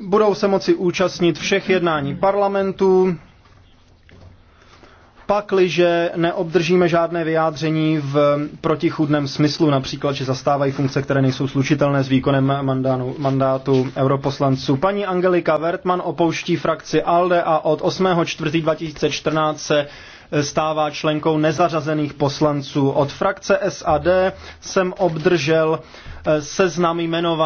budou se moci účastnit všech jednání parlamentu, pakliže neobdržíme žádné vyjádření v protichudném smyslu, například, že zastávají funkce, které nejsou slučitelné s výkonem mandánu, mandátu europoslanců. Paní Angelika Wertmann opouští frakci ALDE a od 8.4.2014 se stává členkou nezařazených poslanců. Od frakce SAD jsem obdržel eh, seznam jmenování